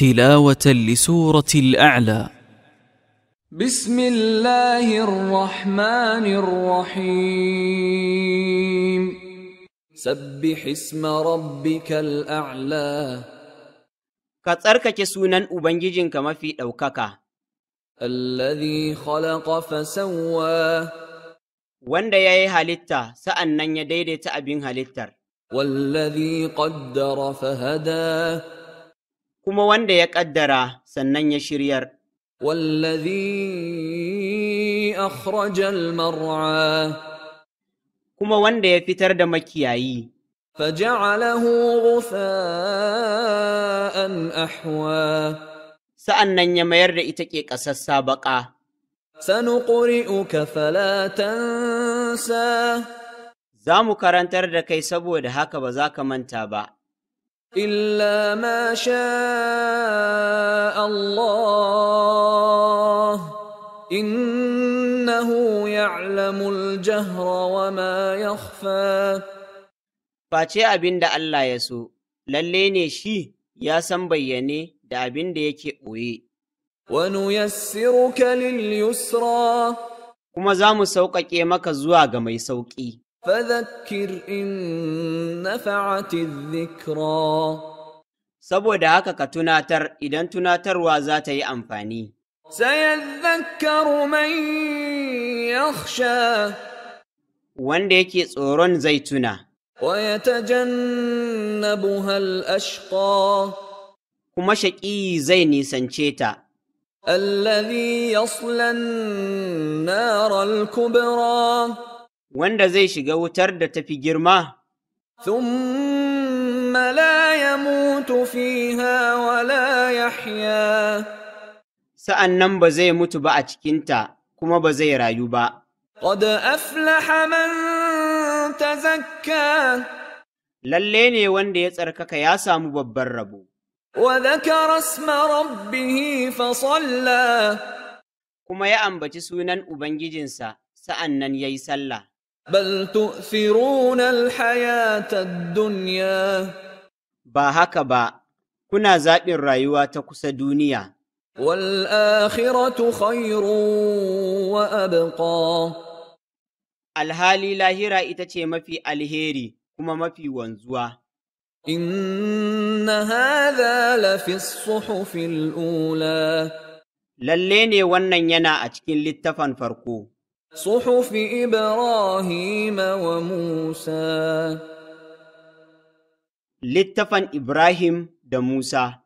تلاوة لسورة الأعلى بسم الله الرحمن الرحيم سبح اسم ربك الأعلى كتركك سونا أبنججن كما في أوكاكا الذي خلق فسوى wanda ya yi سأنن sa'an تأبين ya والذي قدر halittar. kuma wanda ya ƙaddara sannan ya shiryar. Wallazi akhrajal mar'a kuma wanda ya fitar da makiyayi. Faja'alahu rufa'an ahwa sa'annan ya mayar da ita ke ƙasassa baƙa. Sanuƙuri'uka fala tansa. Za mu karantar da kai saboda haka ba za ka manta ba. إلا ما شاء الله إنه يعلم الجهر وما يخفى Face abin da Allah ya so, lalle ne shi ya san bayyane da abin da yake ɓoye. Wani yassiru yusra. Kuma za mu sauƙaƙe maka zuwa ga mai sauƙi. saboda haka ka tunatar idan tunatarwa za ta yi amfani. wanda yake tsoron zai tuna. Wa yatajannabuha kuma shaƙi zai nisance ta. Allazi yasla an kubra wanda zai shiga wutar da tafi girma thumma la mutu fiha wa la yahya sa'annan ba zai mutu ba a cikinta kuma ba zai rayu ba qad aflaha man tazakka lalle ne wanda ya tsarkaka ya samu babban rabo وذكر اسم ربه فصلى kuma ya ambaci sunan Ubangijinsa sa'an nan ya yi sallah. duniya. Ba haka ba, kuna zaɓin rayuwa ta kusa duniya. Alhali lahira ita ce mafi alheri kuma mafi wanzuwa. Inna hadha lafi suhufin ula. Lalle ne wannan yana a cikin littafan farko. صحف إبراهيم وموسى لتفن إبراهيم دموسى موسى